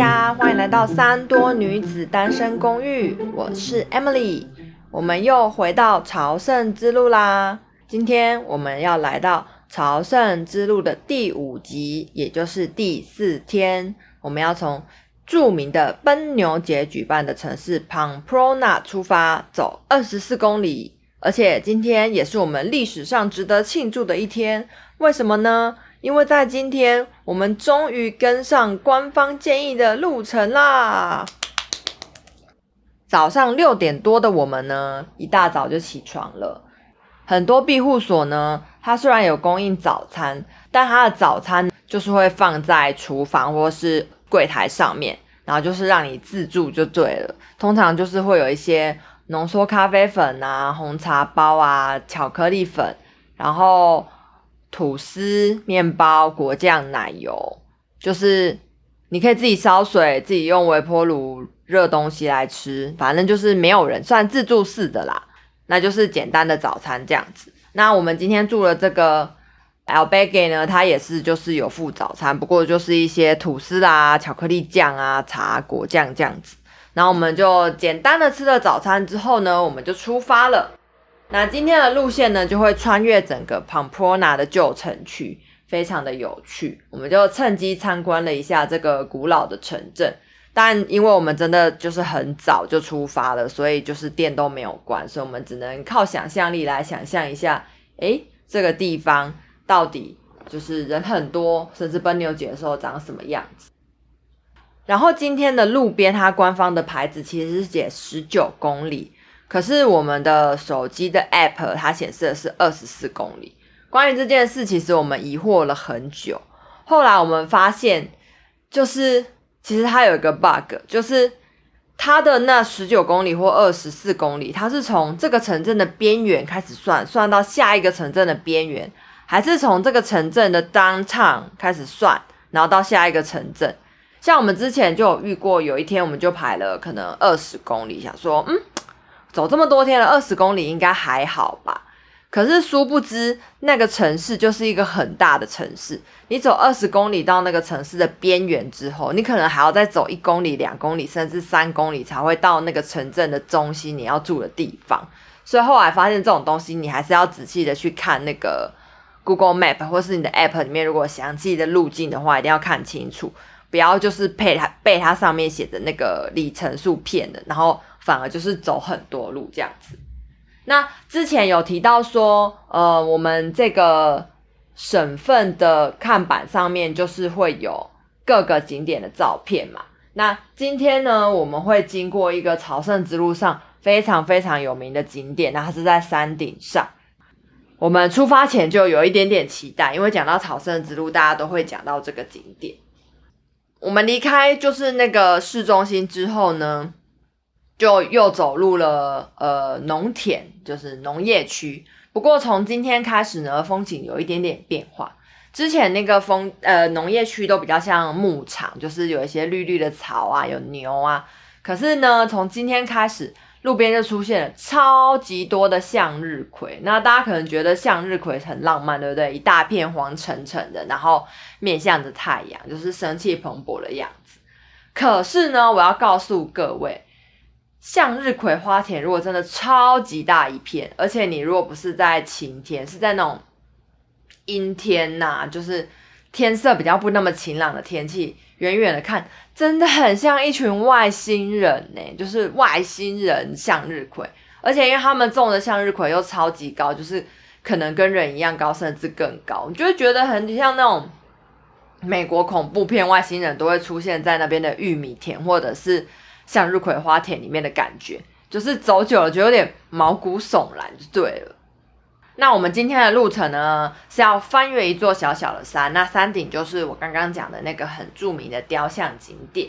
大家歡迎來到三多女子單身公寓，我是 Emily，我們又回到朝聖之路啦。今天我們要來到朝聖之路的第五集，也就是第四天，我們要從著名的奔牛節舉辦的城市 Pamplona 出發，走二十四公里。而且今天也是我們歷史上值得慶祝的一天，為什麼呢？因為在今天，我們終於跟上官方建議的路程啦。早上六點多的我們呢，一大早就起床了。很多庇護所呢，它雖然有供應早餐，但它的早餐就是會放在廚房或是櫃台上面，然後就是讓你自助就對了。通常就是會有一些濃縮咖啡粉啊、紅茶包啊、巧克力粉，然後、吐司、麵包、果醬、奶油，就是你可以自己燒水，自己用微波爐熱東西來吃，反正就是沒有人算自助式的啦，那就是簡單的早餐這樣子。那我們今天住了這個 Albergue 呢，它也是就是有附早餐，不過就是一些吐司啦、啊、巧克力醬啊、茶、果醬這樣子。那我們就簡單的吃了早餐之後呢，我們就出發了。那今天的路線呢，就會穿越整個 Pamplona 的舊城區，非常的有趣。我們就趁機參觀了一下這個古老的城鎮。但因為我們真的就是很早就出發了，所以就是店都沒有關，所以我們只能靠想象力來想象一下，誒，這個地方到底就是人很多，甚至奔牛節的時候長什麼樣子。然後今天的路邊它官方的牌子其實是寫十九公里。可是我們的手機的 app 它顯示的是二十四公里。關於這件事，其實我們疑惑了很久。後來我們發現，就是其實它有一個 bug，就是它的那十九公里或二十四公里，它是從這個城鎮的邊緣開始算，算到下一個城鎮的邊緣，還是從這個城鎮的 downtown 開始算，然後到下一個城鎮。像我們之前就有遇過，有一天我們就排了可能二十公里，想說，嗯。走這麼多天了，二十公里應該還好吧？可是殊不知，那個城市就是一個很大的城市。你走二十公里到那個城市的邊緣之後，你可能還要再走一公里、兩公里，甚至三公里才會到那個城鎮的中心，你要住的地方。所以後來發現這種東西，你還是要仔細的去看那個 Google Map 或是你的 App 裡面，如果詳細的路徑的話，一定要看清楚，不要就是被它被它上面寫的那個里程數騙了，然後。反而就是走很多路這樣子。那之前有提到說，呃，我們這個省份的看板上面就是會有各個景點的照片嘛。那今天呢，我們會經過一個朝聖之路上非常非常有名的景點，那它是在山頂上。我們出發前就有一點點期待，因為講到朝聖之路，大家都會講到這個景點。我們離開就是那個市中心之後呢，就又走入了呃農田，就是農業區。不過從今天開始呢，風景有一點點變化。之前那個風呃農業區都比較像牧場，就是有一些綠綠的草啊，有牛啊。可是呢，從今天開始，路邊就出現了超級多的向日葵。那大家可能覺得向日葵很浪漫，對不對？一大片黃澄澄的，然後面向着太陽，就是生氣蓬勃的樣子。可是呢，我要告訴各位。向日葵花田，如果真的超級大一片，而且你如果不是在晴天，是在那種陰天吶、啊，就是天色比較不那麼晴朗的天氣，遠遠的看，真的很像一群外星人呢、欸，就是外星人向日葵。而且因為他們種的向日葵又超級高，就是可能跟人一樣高，甚至更高，你就會覺得很像那種美國恐怖片外星人都會出現在那邊的玉米田，或者是。向日葵花田裡面的感覺，就是走久了就有點毛骨悚然，就對了。那我們今天的路程呢，是要翻越一座小小的山，那山頂就是我剛剛講的那個很著名的雕像景點。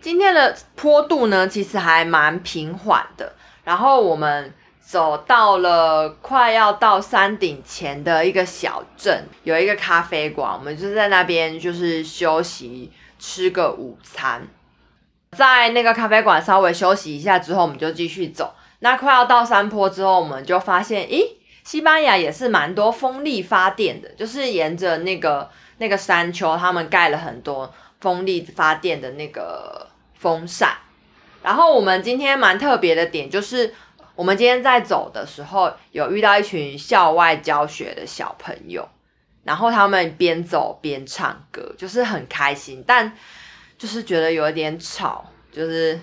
今天的坡度呢，其實還蠻平緩的。然後我們走到了快要到山頂前的一個小鎮，有一個咖啡館，我們就在那邊就是休息吃個午餐。在那個咖啡館稍微休息一下之後，我們就繼續走。那快要到山坡之後，我們就發現，咦，西班牙也是蠻多風力發電的，就是沿着那個那個山丘，他們蓋了很多風力發電的那個風扇。然後我們今天蠻特別的點就是，我們今天在走的時候，有遇到一群校外教學的小朋友，然後他們邊走邊唱歌，就是很開心，但。就是覺得有一點吵，就是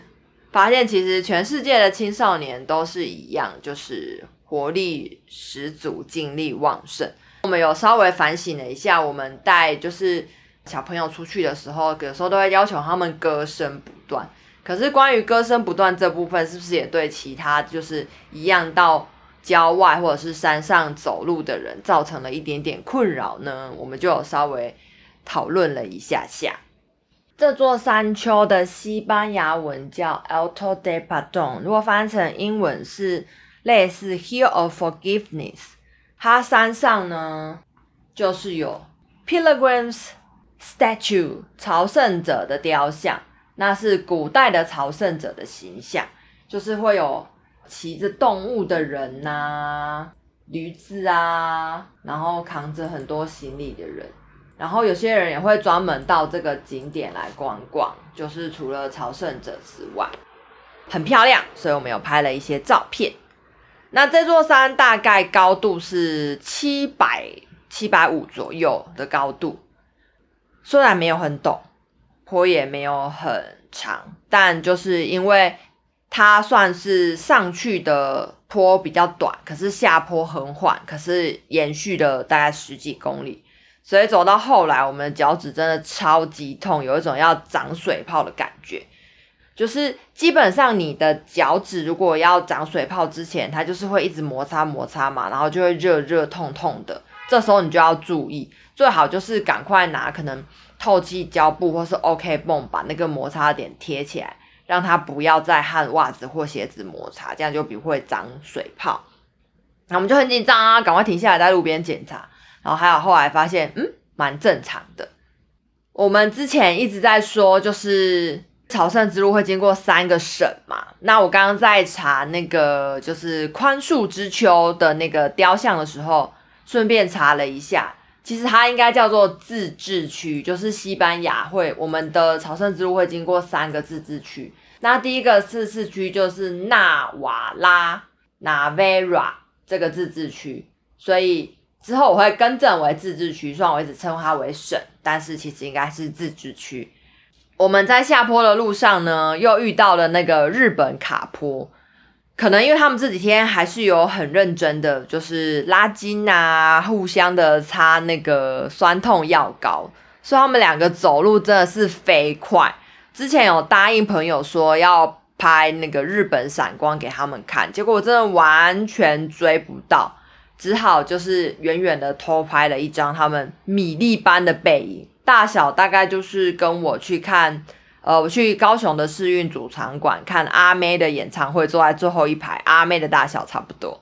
發現其實全世界的青少年都是一樣，就是活力十足、精力旺盛。我們有稍微反省了一下，我們帶就是小朋友出去的時候，有時候都會要求他們歌聲不斷。可是關於歌聲不斷這部分，是不是也對其他就是一樣到郊外或者是山上走路的人造成了一點點困擾呢？我們就有稍微討論了一下下。這座山丘的西班牙文叫 Alto de Padón，如果翻成英文是類似 Hill of Forgiveness。它山上呢，就是有 Pilgrim's Statue（ 朝聖者的雕像），那是古代的朝聖者的形象，就是會有騎着動物的人吶、啊，驢子啊，然後扛着很多行李的人。然後有些人也會專門到這個景點來逛逛，就是除了朝聖者之外，很漂亮，所以我們有拍了一些照片。那這座山大概高度是七百七百五左右的高度，雖然沒有很陡，坡也沒有很長，但就是因為它算是上去的坡比較短，可是下坡很緩，可是延續了大概十幾公里。嗯所以走到後來，我們的腳趾真的超級痛，有一種要長水泡的感覺。就是基本上你的腳趾如果要長水泡之前，它就是會一直摩擦摩擦嘛，然後就會熱熱痛痛的。這時候你就要注意，最好就是趕快拿可能透氣膠布或是 OK 繃把那個摩擦點貼起來，讓它不要再和襪子或鞋子摩擦，這樣就不會長水泡。那我們就很緊張啊，趕快停下來在路邊檢查。然後還有，後來發現，嗯，蠻正常的。我們之前一直在說，就是朝聖之路會經過三個省嘛。那我剛剛在查那個就是寬恕之丘的那個雕像的時候，順便查了一下，其實它應該叫做自治區，就是西班牙會我們的朝聖之路會經過三個自治區。那第一個自治區就是納瓦拉 Navarra 這個自治區，所以。之後我會更正為自治區，雖然我一直稱它為省，但是其實應該是自治區。我們在下坡的路上呢，又遇到了那個日本卡坡，可能因為他們這幾天還是有很認真的，就是拉筋啊，互相的擦那個酸痛藥膏，所以他們兩個走路真的是飛快。之前有答應朋友說要拍那個日本閃光給他們看，結果我真的完全追不到。只好就是遠遠的偷拍了一張他們米粒般的背影，大小大概就是跟我去看，呃，我去高雄的世運主場館看阿妹的演唱會，坐在最後一排，阿妹的大小差不多。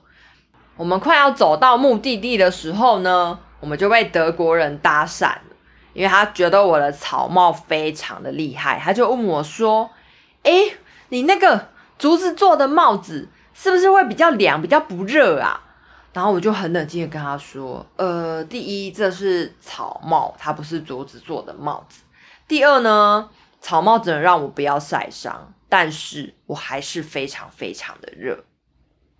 我們快要走到目的地的時候呢，我們就被德國人搭訕，因為他覺得我的草帽非常的厲害，他就問我說：“欸，你那個竹子做的帽子是不是會比較涼，比較不熱啊？”然後我就很冷靜的跟他說：“呃，第一，這是草帽，它不是竹子做的帽子。第二呢，草帽只能讓我不要曬傷，但是我還是非常非常的熱。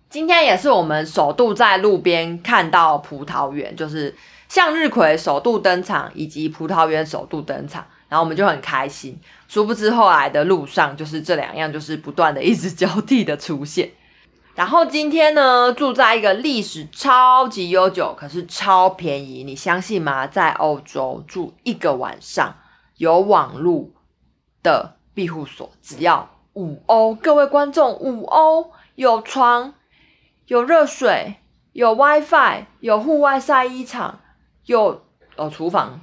今天也是我們首度在路邊看到葡萄園，就是向日葵首度登場，以及葡萄園首度登場，然後我們就很開心。殊不知後來的路上，就是這兩樣，就是不斷的一直交替的出現。”然後今天呢，住在一個歷史超級悠久，可是超便宜，你相信嗎？在歐洲住一個晚上有網絡的庇護所，只要五歐。各位觀眾，五歐有床，有熱水，有 WiFi，有戶外曬衣場，有哦廚房，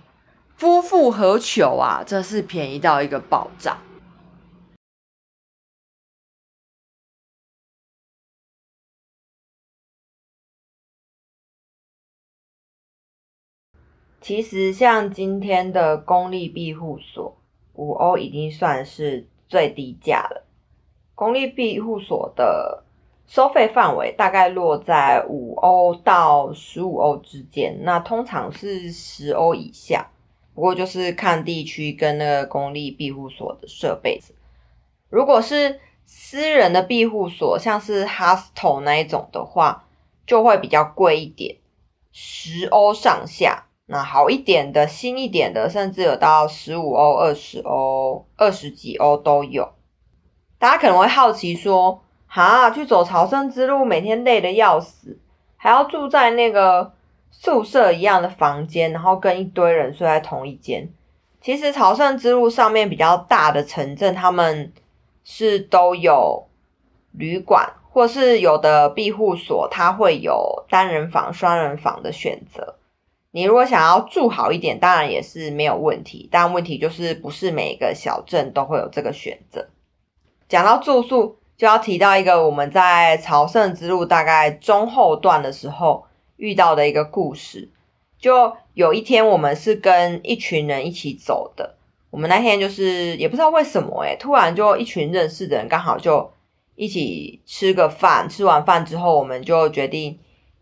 夫復何求啊？真是便宜到一個爆炸！其實像今天的公立庇護所，五歐已經算是最低價了。公立庇護所的收費範圍大概落在五歐到十五歐之間，那通常是十歐以下。不過就是看地區跟那個公立庇護所的設備。如果是私人的庇護所，像是 hostel 那一種的話，就會比較貴一點，十歐上下。那好一點的，新一點的，甚至有到十五歐、二十歐、二十幾歐都有。大家可能會好奇說：“哈、啊，去走朝聖之路，每天累得要死，還要住在那個宿舍一樣的房間，然後跟一堆人睡在同一間。”其實朝聖之路上面比較大的城鎮，他們是都有旅館，或是有的庇護所，它會有單人房、雙人房的選擇。你如果想要住好一點，當然也是沒有問題，但問題就是不是每一個小鎮都會有這個選擇。講到住宿，就要提到一個我們在朝聖之路大概中後段的時候遇到的一個故事。就有一天，我們是跟一群人一起走的。我們那天就是也不知道為什麼欸，誒突然就一群認識的人剛好就一起吃個飯。吃完飯之後，我們就決定。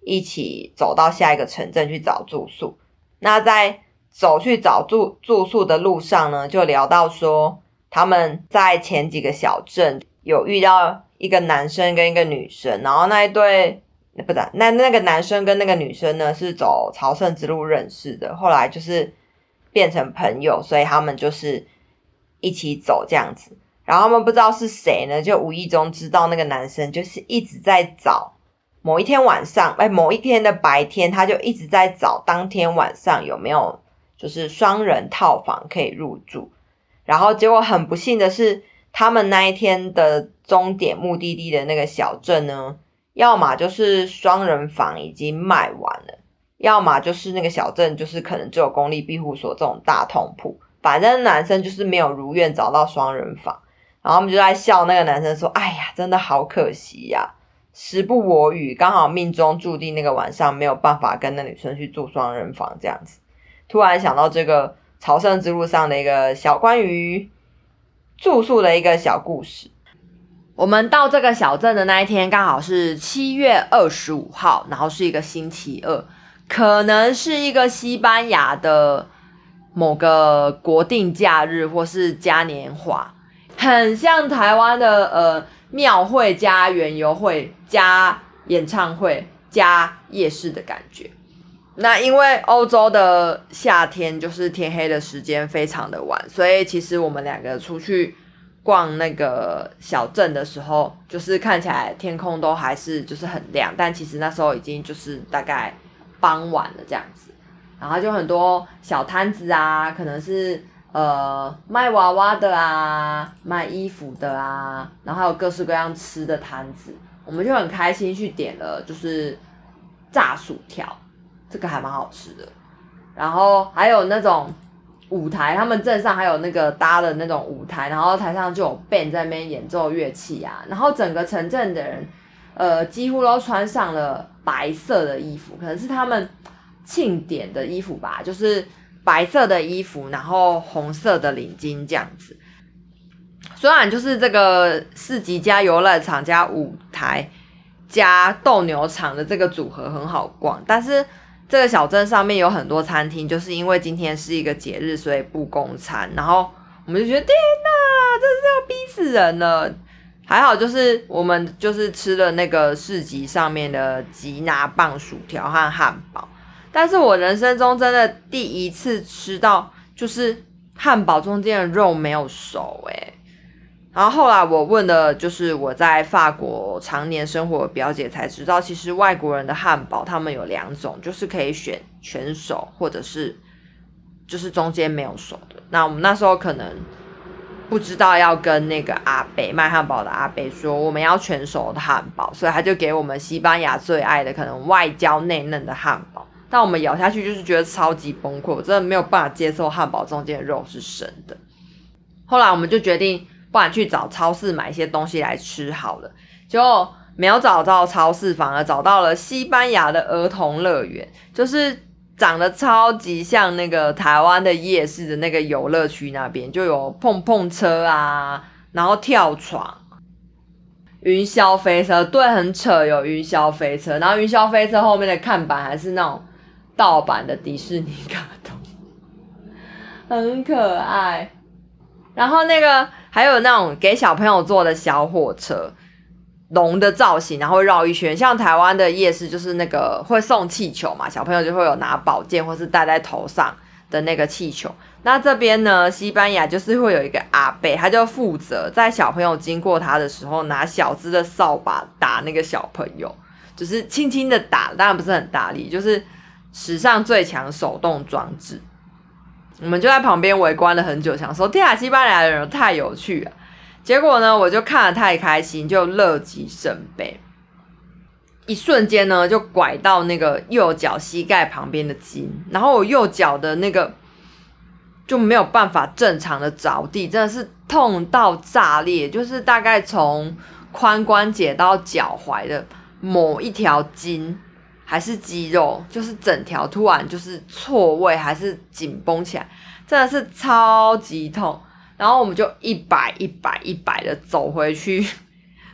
一起走到下一個城鎮去找住宿。那在走去找住住宿的路上呢，就聊到說他們在前幾個小鎮有遇到一個男生跟一個女生，然後那一對，不對，那那個男生跟那個女生呢是走朝聖之路認識的，後來就是變成朋友，所以他們就是一起走這樣子。然後他們不知道是誰呢，就無意中知道那個男生就是一直在找。某一天晚上，哎，某一天的白天，他就一直在找當天晚上有沒有就是雙人套房可以入住。然後結果很不幸的是，他們那一天的終點目的地的那個小鎮呢，要麼就是雙人房已經賣完了，要麼就是那個小鎮就是可能只有公立庇護所這種大通鋪。反正男生就是沒有如願找到雙人房，然後我們就在笑那個男生說：“哎呀，真的好可惜呀、啊。”時不我與，剛好命中注定那個晚上沒有辦法跟那女生去住雙人房，這樣子，突然想到這個朝聖之路上的一個小關於住宿的一個小故事。我們到這個小鎮的那一天剛好是七月二十五號，然後是一個星期二，可能是一個西班牙的某個國定假日或是嘉年華。很像台灣的呃廟會加園遊會加演唱會加夜市的感覺。那因為歐洲的夏天就是天黑的時間非常的晚，所以其實我們兩個出去逛那個小鎮的時候，就是看起來天空都還是就是很亮，但其實那時候已經就是大概傍晚了這樣子。然後就很多小攤子啊，可能是。呃，賣娃娃的啊，賣衣服的啊，然後還有各式各樣吃的攤子，我們就很開心去點了，就是炸薯條，這個還蠻好吃的。然後還有那種舞台，他們鎮上還有那個搭的那種舞台，然後台上就有 band 在那邊演奏樂器啊。然後整個城鎮的人，呃，幾乎都穿上了白色的衣服，可能是他們慶典的衣服吧，就是。白色的衣服，然後紅色的領巾這樣子。雖然就是這個市集加遊樂場加舞台加鬥牛場的這個組合很好逛，但是這個小鎮上面有很多餐廳，就是因為今天是一個節日，所以不供餐。然後我們就覺得天哪，這是要逼死人了。還好就是我們就是吃了那個市集上面的吉拿棒薯條和漢堡。但是我人生中真的第一次吃到，就是漢堡中間的肉沒有熟哎、欸。然後後來我問了，就是我在法國常年生活的表姐才知道，其實外國人的漢堡他們有兩種，就是可以選全熟，或者是就是中間沒有熟的。那我們那時候可能不知道要跟那個阿伯賣漢堡的阿伯說我們要全熟的漢堡，所以他就給我們西班牙最愛的可能外焦內嫩的漢堡。那我們咬下去就是覺得超級崩潰，我真的沒有辦法接受漢堡中間的肉是生的。後來我們就決定，不然去找超市買一些東西來吃好了。結果沒有找到超市房了，反而找到了西班牙的兒童樂園，就是長得超級像那個台灣的夜市的那個遊樂區那邊，就有碰碰車啊，然後跳床、雲霄飛車，對，很扯，有雲霄飛車。然後雲霄飛車後面的看板還是那種。盜版的迪士尼卡通，很可愛。然後那個還有那種給小朋友坐的小火車，龍的造型，然後繞一圈。像台灣的夜市就是那個會送氣球嘛，小朋友就會有拿寶劍或是戴在頭上的那個氣球。那這邊呢，西班牙就是會有一個阿伯，他就負責在小朋友經過他的時候拿小隻的掃把打那個小朋友，只、就是輕輕的打，當然不是很大力，就是。史上最強手動裝置，我們就在旁邊圍觀了很久，想說天呀，西班牙人太有趣了。結果呢，我就看得太開心，就樂極生悲，一瞬間呢就拐到那個右腳膝蓋旁邊的筋，然後我右腳的那個就沒有辦法正常的着地，真的是痛到炸裂，就是大概從髖關節到腳踝的某一條筋。還是肌肉，就是整條突然就是錯位，還是緊繃起來，真的是超級痛。然後我們就一百一百一百的走回去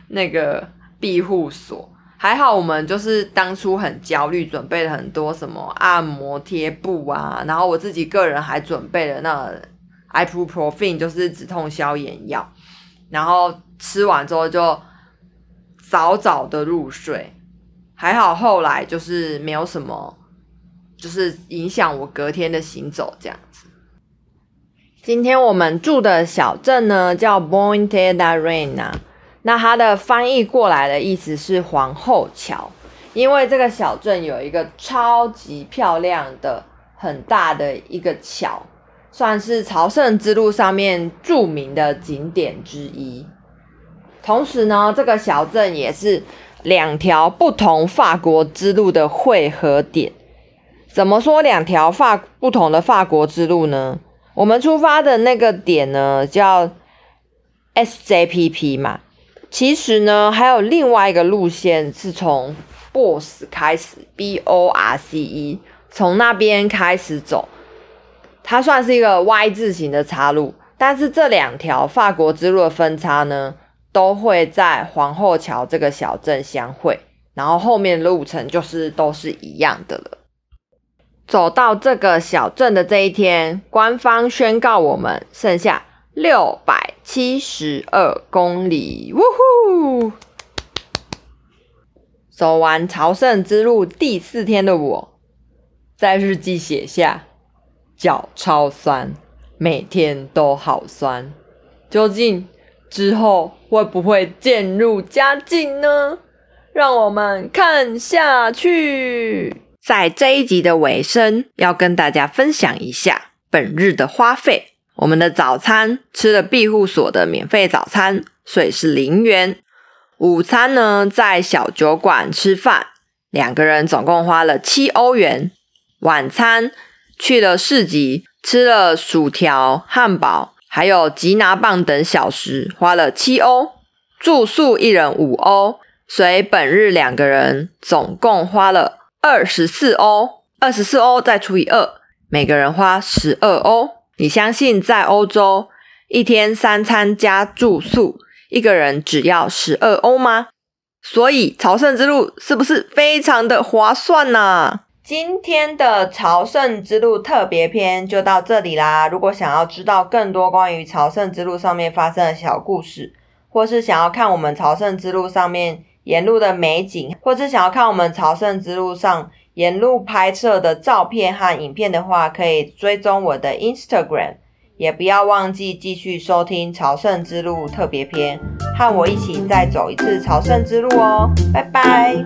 那個庇護所。還好我們就是當初很焦慮，準備了很多什麼按摩貼布啊，然後我自己個人還準備了那 ibuprofen，就是止痛消炎藥。然後吃完之後就早早的入睡。還好，後來就是沒有什麼，就是影響我隔天的行走這樣子。今天我們住的小鎮呢，叫 Puente la Reina，那它的翻譯過來的意思是皇后橋，因為這個小鎮有一個超級漂亮的、很大的一個橋，算是朝聖之路上面著名的景點之一。同時呢，這個小鎮也是兩條不同法國之路的匯合點。怎麼說兩條法不同的法國之路呢？我們出發的那個點呢叫 S J P P 嘛。其實呢，還有另外一個路線是從 Boss 開始，B O R C E 從那邊開始走，它算是一個 Y 字形的岔路。但是這兩條法國之路的分叉呢？都會在皇后橋這個小鎮相會，然後後面路程就是都是一樣的了。走到這個小鎮的這一天，官方宣告我們剩下六百七十二公里。嗚呼！走完朝聖之路第四天的我，在日記寫下：腳超酸，每天都好酸，究竟？之後會不會漸入佳境呢？讓我們看下去。在這一集的尾聲，要跟大家分享一下本日的花費。我們的早餐吃了庇護所的免費早餐，所以是零元。午餐呢，在小酒館吃飯，兩個人總共花了七歐元。晚餐去了市集，吃了薯條、漢堡。還有吉拿棒等小食，花了七歐；住宿一人五歐，所以本日兩個人總共花了二十四歐。二十四歐再除以二，每個人花十二歐。你相信在歐洲一天三餐加住宿，一個人只要十二歐嗎？所以朝聖之路是不是非常的划算呢、啊？今天的朝聖之路特別篇就到這裡啦！如果想要知道更多關於朝聖之路上面發生的小故事，或是想要看我們朝聖之路上面沿路的美景，或是想要看我們朝聖之路上沿路拍攝的照片和影片的話，可以追蹤我的 Instagram，也不要忘記繼續收聽朝聖之路特別篇，和我一起再走一次朝聖之路哦！拜拜。